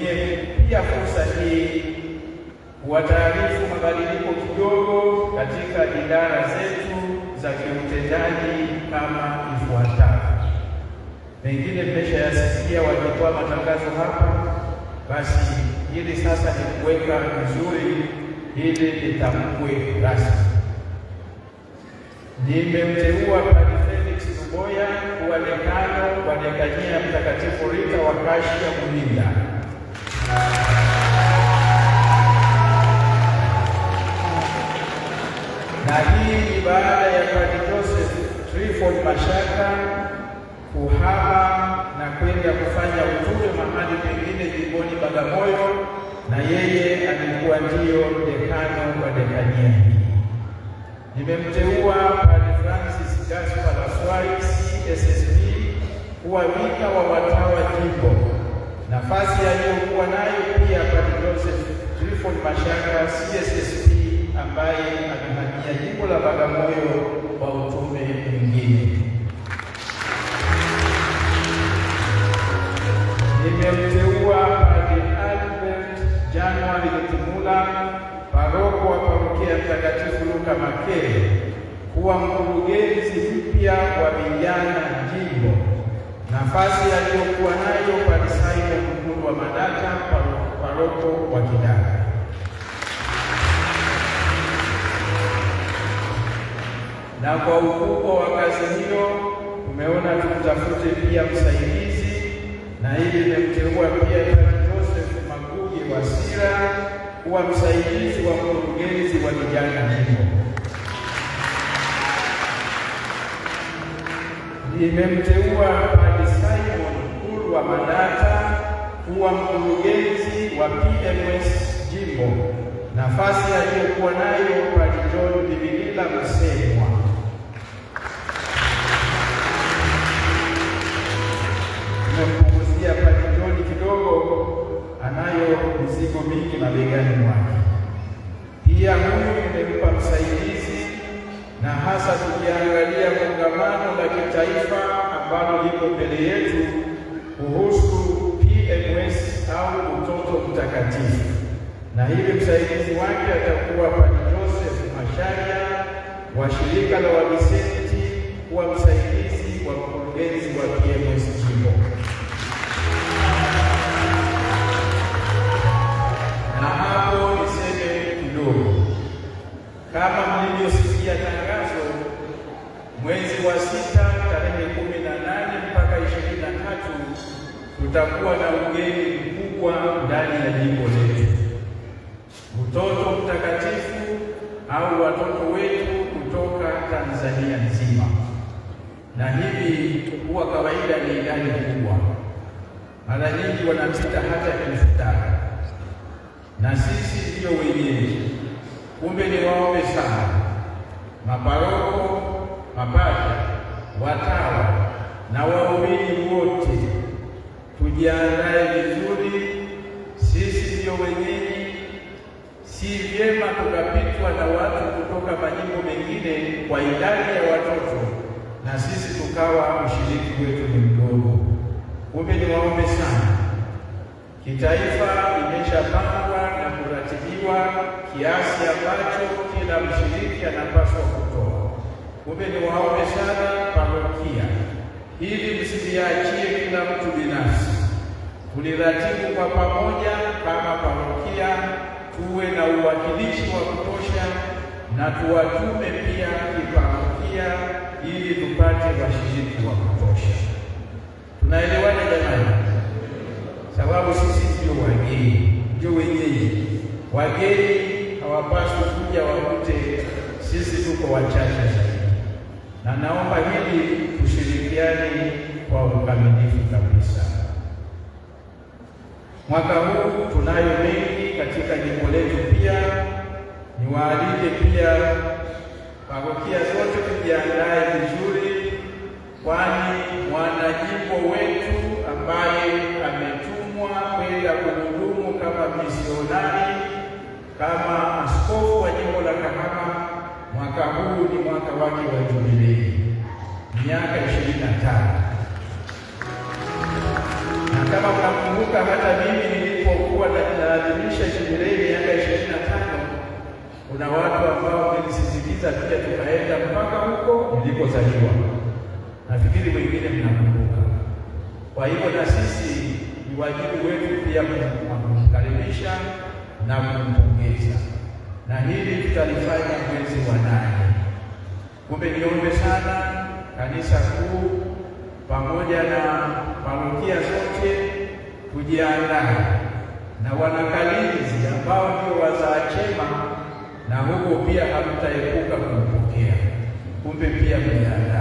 nitumie pia fursa hii kuwataarifu mabadiliko kidogo katika idara zetu za kiutendaji kama ifuatavyo. Pengine mmeshayasikia wakitoa matangazo hapa, basi hili sasa ni kuweka vizuri ili litamkwe rasmi. Nimemteua Padre Felix Luboya kuwa dekano wa dekania Mtakatifu Rita wa Kashi ya Kuninda. kwenda kufanya utume mahali pengine jimboni Bagamoyo, na yeye alikuwa ndiyo dekano wa dekania hii. Nimemteua Padre Francis Gaspar Laswai CSSP kuwa vika wa watawa jimbo, nafasi aliyokuwa nayo pia Padre Joseph Trifon Mashaka CSSP ambaye amehamia jimbo la Bagamoyo Makere kuwa mkurugenzi mpya wa vijana jimbo, nafasi aliyokuwa nayo Parisaimo Mkuru wa Madaka, paroko wa Kidaka. Na kwa ukubwa wa kazi hiyo tumeona tumtafute pia msaidizi, na hili imemteua pia Joseph Maguye Wasira kuwa msaidizi wa mkurugenzi wa vijana jimbo. imemteua Padre Simon Kulwa Mandata kuwa mkurugenzi wa PMS Jimbo, nafasi aliyokuwa nayo Padre John Bibilila Msemwa. Tumempunguzia Padre John kidogo, anayo mizigo mingi mabegani mwake. Pia huyu imempa msaidizi na hasa tukiangalia kongamano la kitaifa ambalo liko mbele yetu kuhusu PMS au utoto mtakatifu, na hivi msaidizi wake atakuwa Padre Joseph Masharia wa shirika la Wabisenti kuwa msaidizi wa mkurugenzi siku tangazo mwezi wa sita tarehe kumi na nane mpaka ishirini na tatu tutakuwa na ugeni mkubwa ndani ya jimbo letu. Mtoto mtakatifu au watoto wetu kutoka Tanzania nzima, na hivi huwa kawaida ni idadi kubwa, mara nyingi wanapita hata elfu tatu na sisi ndiyo wenyeji. Kumbe ni waombe sana maparoko, mapacha, watawa na waumini wote tujiandae vizuri. Sisi ndio wenyeji, si vyema tukapitwa na watu kutoka majimbo mengine kwa idadi ya watoto na sisi tukawa ushiriki wetu ni mdogo. Kumbe niwaombe sana, kitaifa imeshapanga kilichokusudiwa kiasi ambacho kila mshiriki anapaswa kutoa. Kumbe ni sana parokia, ili msiziachie kila mtu binafsi, kuliratibu kwa pamoja kama parokia, tuwe na uwakilishi wa kutosha na tuwatume pia kiparokia, ili tupate washiriki wa kutosha. Tunaelewana jamani? Sababu sisi ndio wageni, ndio wenyewe Wageni hawapaswi kuja wakute sisi tuko wachache na naomba hili tushirikiane kwa ukamilifu kabisa. Mwaka huu tunayo mengi katika jimbo letu, pia niwaalike pia parokia zote tujiandae jimbo la Kahama mwaka huu ni mwaka wake wa jubilei, miaka 25. na tano kama mnakumbuka, hata mimi nilipokuwa naadhimisha jubilei miaka 25, tano kuna watu ambao wamenisisitiza pia tukaenda mpaka huko nilikozaliwa. Nafikiri wengine mnakumbuka. Kwa hivyo na sisi ni wajibu wetu pia kumkaribisha na kumpongeza na hili tutalifanya mwezi wa nane. Kumbe niombe sana kanisa kuu pamoja na parokia zote kujiandaa na wanakalizi ambao ndio wazaa chema, na huko pia hamtaepuka kumpokea. Kumbe pia kujiandaa